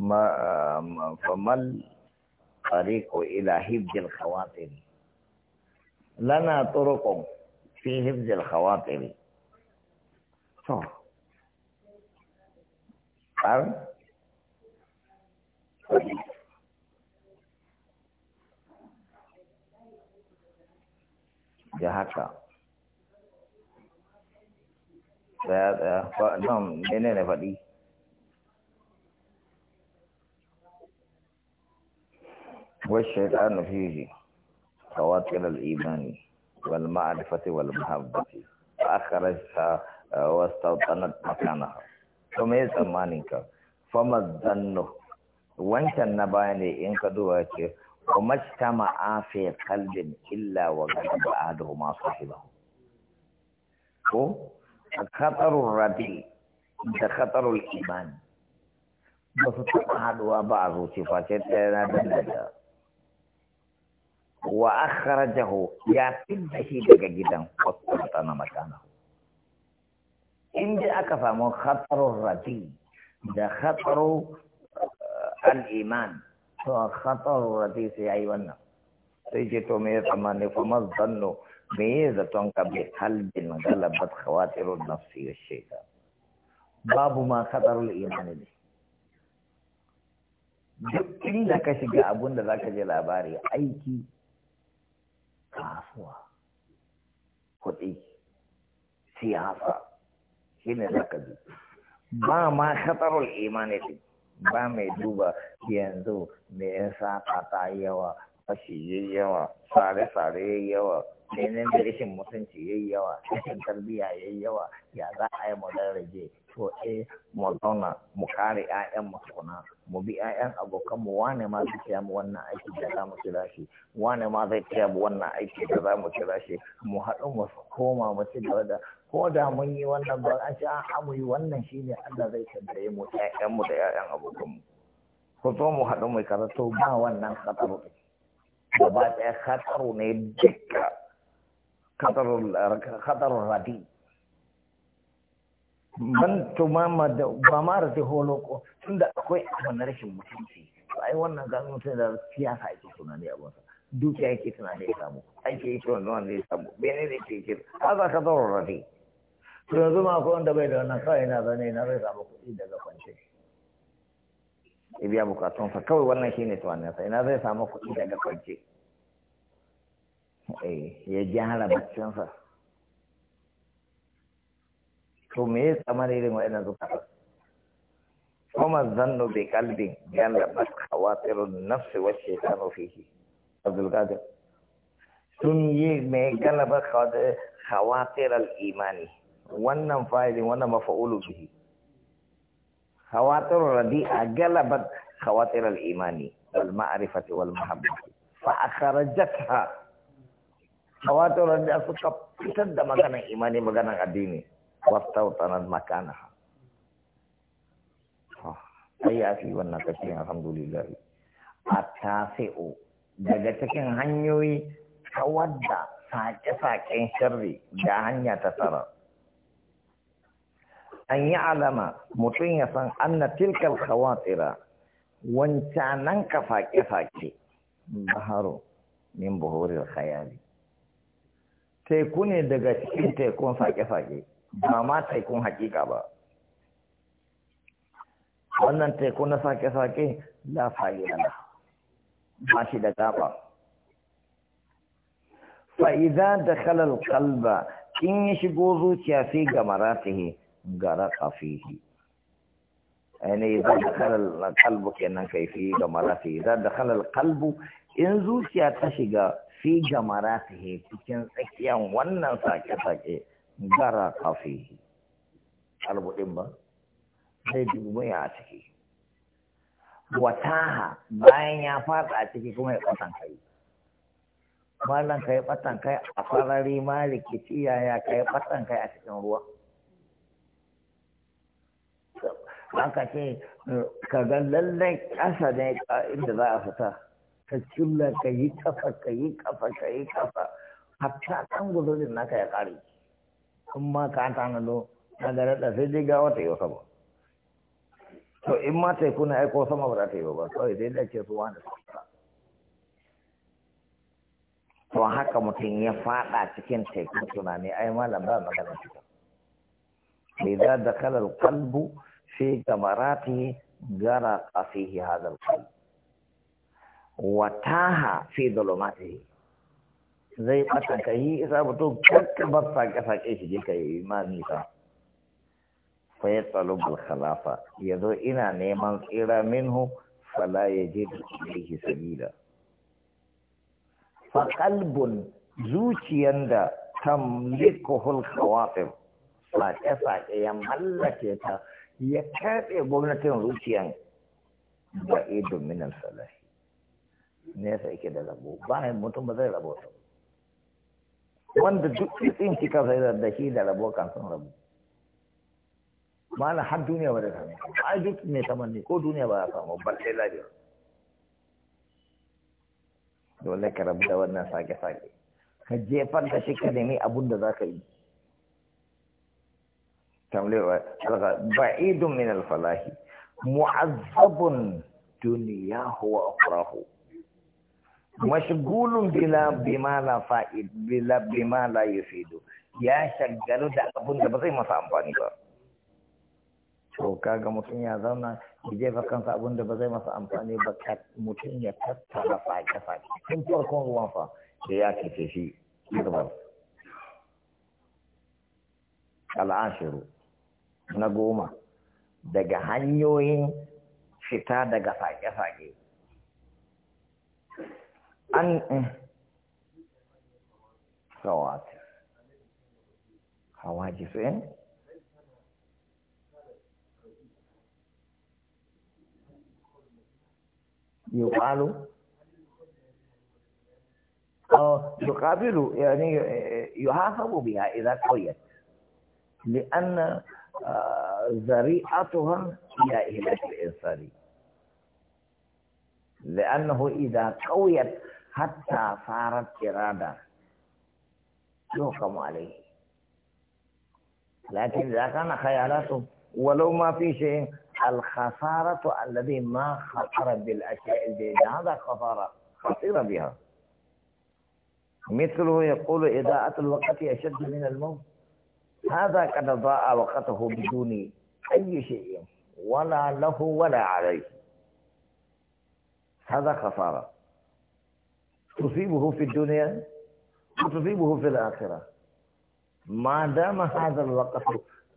ما فما الطريق إلى حفظ الخواطر لنا طرق في حفظ الخواطر صح عارف da haka ɗaya ɗaya والشيطان فيه فواكل الإيمان والمعرفة والمحبة أخرجت آه، واستوطنت مكانها تميز أمانك فما الظنه وانت النباني انك دواتي وما اجتمع في قلب إلا وغلب أهده ما صاحبه خطر الردي ده خطر الإيمان بس تقعد وبعض صفاتك لا وأخرجه يا تبهي دقا جدا وطلطنا مكانه إن جاء كفامو خطر الرجيم ده خطر آه، الإيمان سوى خطر الرجيم سي أيوانا سيجي تو ميزة ماني فمز ظنو ميزة تونك بحل جن غلبت خواتر النفسي والشيطان باب ما خطر الإيمان دي دكتين لكشي أبون لكشي لاباري أيكي kasuwa kuɗi siyasa shi ne za ka ji ba ma shatarul imani ba mai duba yanzu mai yasa ta yawa fashi yayi yawa sare-sare yayi yawa menene da rashin mutunci yayi yawa rashin tarbiyya yayi yawa ya za a yi mu rage to eh mu zauna mu kare ƴaƴan mu tukuna mu bi ƴaƴan abokan mu wane ma zai tiya mu wannan aiki da za mu kira shi wane ma zai tiya mu wannan aiki da za mu kira shi mu haɗu mu koma mu ci gaba da ko da mun yi wannan ba an ce an mu yi wannan shine Allah zai tambaye mu ƴaƴan mu da ƴaƴan abokan mu ko to mu haɗu mu karatu ba wannan katsaro gaba ɗaya khataru ne duka khatarun radi ban tumama da ba ma ko holoko da akwai abu na rashin mutunci to ai wannan ga mutum da siyasa ake tunani a wasa duka yake tunani ya samu aiki yake wanda wanda ya samu bene ne ke ke haza khatarun radi to yanzu ma akwai wanda bai da wannan kawai na zane na bai samu kuɗi daga kwance ya biya bukatunsa kawai wannan shine tuwaninsa ina zai samu kuɗi daga kwance eh, ya gyara baccinsa to me ya tsamar irin wa'ina zuka kuma zannu bi kalbin galabat khawatirun nafsi wa shaytanu fihi abdul qadir sun yi mai galaba khawatir al imani wannan fa'ilin wannan mafa'ulu bihi خواطر ردي غلبت خواطر الإيمان والمعرفة والمحبة فأخرجتها خواطر الرديئة سكبتت مكان إيماني مكان الديني واستوطنت مكانها أي أخي والنكسين الحمد لله أتاسئو daga هنيوي hanyoyi ساكي ساكي شري saken shirri an yi alama mutum ya san anna tilkal khawatira wancanan ka fake-fake baharo min buhuril khayali teku ne daga cikin tekun fake-fake ba ma tekun hakika ba wannan teku na fake-fake la na ba shi da gaba fa'iza da kalal kalba in ya shigo zuciya fi ga maratihi garaka fihi ainihi idan da kalal kalbu kenan kai fi ga marati idan da kalal kalbu in zuciya ta shiga fi ga he cikin tsakiyan wannan sake-sake garaka fihi kalbu din ba sai dubu ya ciki wataha bayan ya fada a ciki kuma ya kwatan kai malan kai batan kai a farari ma rikici yaya kai batan kai a cikin ruwa aka ce eh, ka ga lallai ƙasa ne inda za a fita ka cilla ka yi kafa ka yi kafa ka yi kafa hatta ɗan guzurin naka ya ƙare in ma ka tanado na da da sai dai gawa ta yi wasa ba to in ma ta yi kuna aiko sama ba za ta yi ba to sai da dace su wani sauka to haka mutum ya faɗa cikin tekun tunani ai malam ba magana cikin. Bai da kalar kalbu في ثمراته غرق فيه هذا القلب وتاه في ظلماته zai ɓata ka yi isa mutum kakka bar sake-sake shi je ka yi ma nisa fa ya khalafa ya zo ina neman tsira minhu fala ya je da ilaihi sabila fa kalbun zuciyan da tamlikuhul khawatir sake-sake ya mallake ta ya kaɗe gwamnatin rusiyan ba idun minal salahi nesa yake da rabo bayan mutum ba zai rabo ta wanda duk tsin ki ka sai da shi da rabo kan sun rabo mana har duniya ba da samu ai duk ta tamanni ko duniya ba ya samu ba sai lafiya dole ka rabu da wannan sake-sake ka jefar da shi ka nemi abun da za ka yi tamlewa eh, daga ba'idun min al-falahi mu'azzabun duniyahu wa ukhrahu mashghulun bila bima la fa'id bila bima la yufidu ya shagalu da abun da ba zai masa amfani ba to kaga mutum ya zauna ki jefa kansa abun da ba zai masa amfani ba mutum ya tattara fa'ida tun farkon ruwan fa ya kace shi al-ashiru na goma daga hanyoyin fita daga fage-fage an sawati eh, su eh? yi ذريعتها إلى إهلاك الإنسان لأنه إذا قويت حتى صارت إرادة يحكم عليه لكن إذا كان خيالاته ولو ما في شيء الخسارة الذي ما خطر بالأشياء هذا خسارة خطيرة بها مثله يقول أتى الوقت أشد من الموت هذا قد ضاع وقته بدون أي شيء ولا له ولا عليه هذا خسارة تصيبه في الدنيا وتصيبه في الآخرة ما دام هذا الوقت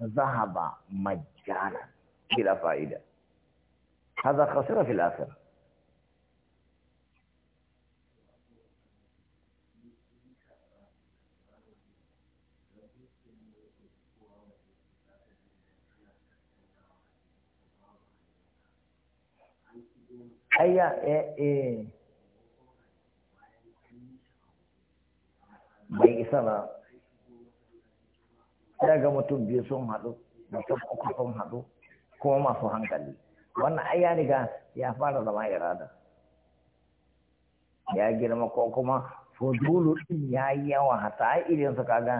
ذهب مجانا بلا فائدة هذا خسر في الآخرة ayya ya eh, eh bai isa ba daga mutum biyu sun haɗu mutum uku sun haɗu kuma masu hankali wannan ai riga ya fara zama irada ya girma ko kuma fudulu din ya yi yawa hata ai idan suka ga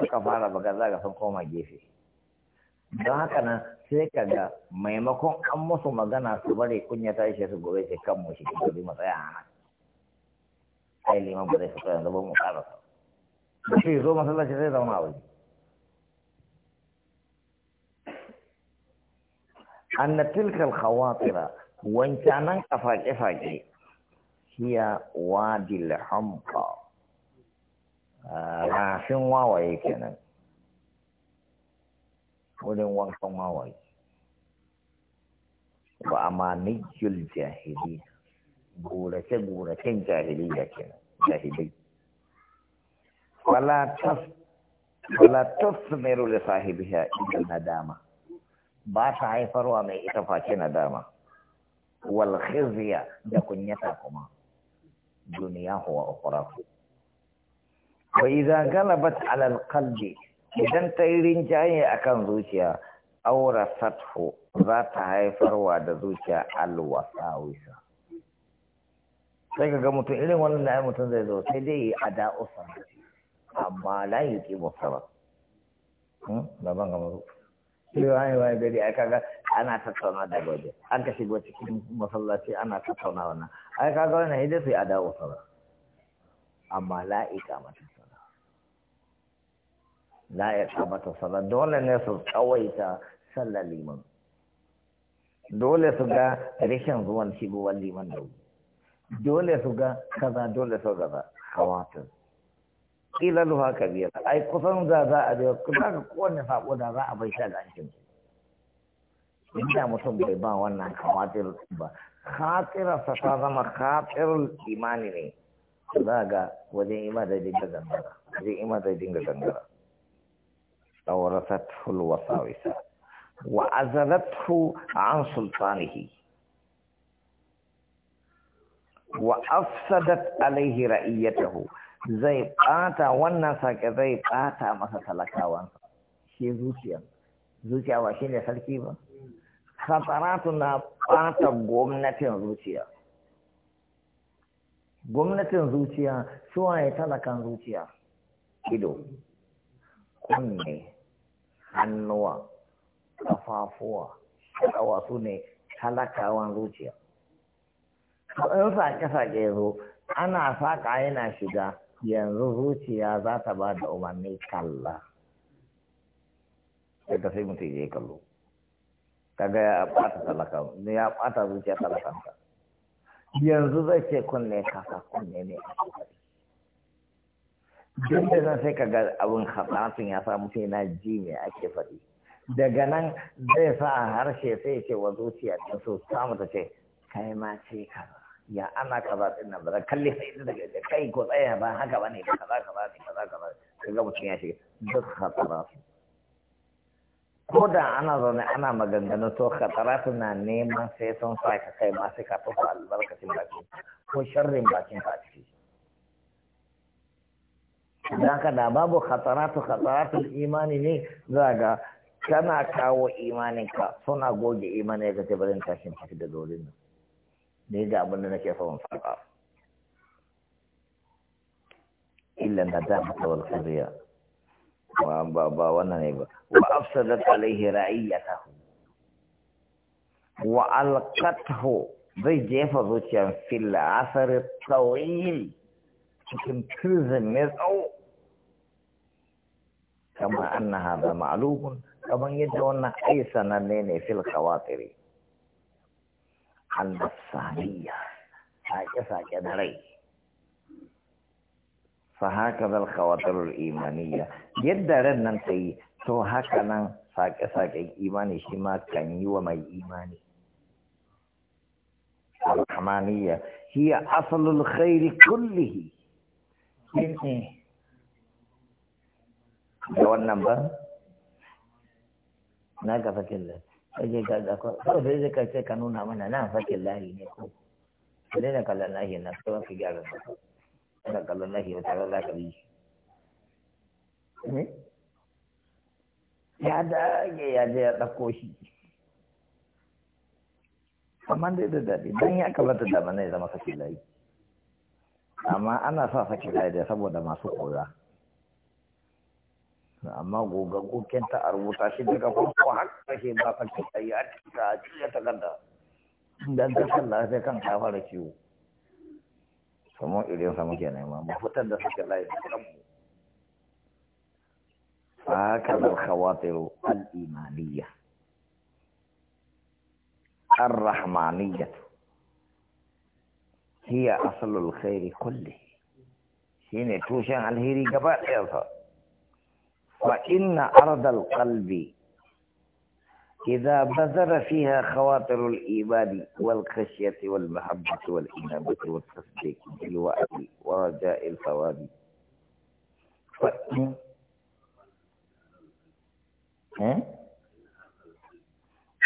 suka fara baga zaga sun koma gefe don haka nan sai kaga maimakon an musu magana su bare kunya ta ishe su gobe sai kan mu shi gobe mu tsaya nan sai liman ba zai fito yanzu ba mu ƙara sa shi zo masallaci sai zauna a waje anna tilka al-khawatira wancanan kafake-fake hiya wadil hamqa ah, rafin wawaye kenan wurin wankan wawaye wa amanijul jahili gurace jahili jahiliya ke jahilai wala tasmiru li sahibiha illa nadama ba ta haifarwa mai ita face na dama. khizya da kunyata kuma duniya huwa ukhra wa idza galabat ala al idan ta yi rinjaye a kan zuciya aura satfo za ta haifarwa da zuciya alwasawisa sai ka ga mutum irin wannan da mutum zai zo sai dai a ada amma la yi ki musara hmm? da ban gama zuwa sai wani wani gari aika ga ana tattauna da gobe an ka shigo cikin masallaci ana tattauna wannan aika ga wani hidda yi ada usa amma la ika mata la ya mata sallah dole ne su tsawaita sallar liman dole su ga rashin zuwan shigowar liman da dole su ga kaza dole su za hawatin ƙilalu haka biyar ai kusan za za a biyar kusa ga kowane saƙo da za a bai sha gashin inda mutum bai ba wannan hawatin ba khatirarsa ta zama khatirar imani ne za ga wajen ima da dinga gangara wajen ima da dinga gangara أورثته الوساوس وعزلته عن سلطانه وأفسدت عليه رأيته زي قاتا ونسا كذي قاتا مسطا لكا وانسا شي زوشيا زوشيا واشين يسال كيبا خطراتنا قاتا قومنتي زوشيا قومنتي زوشيا شو هاي تلكا زوشيا كدو كوني hannuwa kafafuwa ƙawa su ne talakawan zuciya in sake-sake ke zo ana saƙa yana shiga yanzu zuciya za ta ba da umarni kalla sai ka sai mutum ya kallo kaga ya ɓata talaka ya ɓata zuciya talakanta. yanzu zai ce kunne kasa kunne ne a cikin Duk da zan sai kaga abin hatsafin ya samu sai na ji mai ake faɗi daga nan zai sa a harshe sai ce wa zuciya ta so samu ta ce kai ma ce kaza ya ana kaza din nan ba kalli sai da daga kai ko tsaya ba haka bane ba kaza kaza ka kaza kaza ga mutum ya ce duk hatsafin ko da ana zaune ana maganganu to kataratu na neman sai sun sa ka kai ma sai ka tofa albarkacin bakin ko sharrin bakin ka ciki don ka da babu khataratu khataratul imani ne za ga kana kawo imaninka suna goge imani ka ce barin tashin tafi da dorin nan ne ga abin da nake son faɗa illa da ta wal kariya ba ba wannan ne ba wa afsadat alaihi ra'iyatahu wa alqathu zai jefa zuciyar fil asar tawil cikin prison mai tsawo كما أن هذا معلوم كما يدعون أي سننين في الخواطر عن الثانية هكذا كدري فهكذا الخواطر الإيمانية يدرن أنتي تو هكذا sake كي إيماني شما ma kan إيماني الرحمانية هي أصل الخير كله asalul da wannan ba na ga fakin da kaje ga da ko sai zai ka ce ka nuna mana na fakin lahi ne ko sai na kallon lahi na sai ka gyara da ka kallon lahi ba tare da ka bi eh? ya da ya je ya dauko shi amma dai da daɗi dan ya kamata da mana ya zama fakin lahi amma ana sa fakin lahi da saboda masu koya amma gogaggo kenta a rubuta shi daga farko har ƙarshe ba ka ce a yi a cika a cika takarda dan ta kan ta fara ciwo kuma irin sa muke nema mu fitar da suke layi da kanmu fa kana al-khawatiru al-imaniyya ar-rahmaniyya hiya aslul khairi kulli shine tushen alheri gaba sa? فإن أرض القلب إذا بذر فيها خواطر الإيمان والخشية والمحبة والإنابة والتصديق بالوعد ورجاء الثواب فإن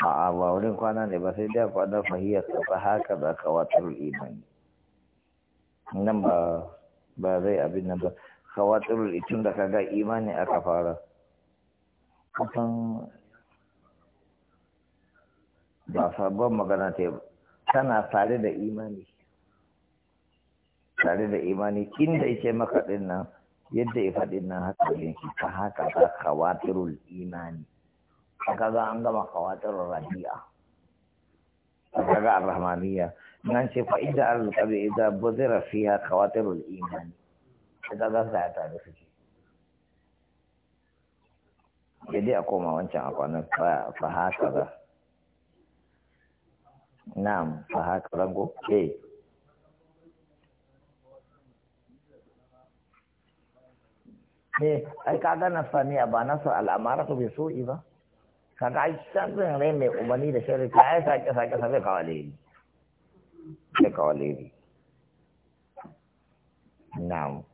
a'a ba wurin kwana ne ba sai dai kwana fahiyar kafa haka khawatirul tun da kaga imani aka fara kusan ba sabon magana ta tana tare da imani tare da imani inda yake maka din nan yadda ya faɗi nan haka da yanki ta haka ta khawatirul imani Ka za an gama khawatirul rabi'a ka ga rahmaniyya nan ce fa'ida idza al-qabr idza buzira fiha khawatirul imani shiga za su hata da suke ya dai a koma wancan a kwanan fahaka za na'am fahaka rango eh ne ai kaga na saniya ba nasu al'amara su bai so'i ba kaga ai sabbin rai mai umarni da shirin ta ya sake sake sabai kawaleri sai kawaleri na'am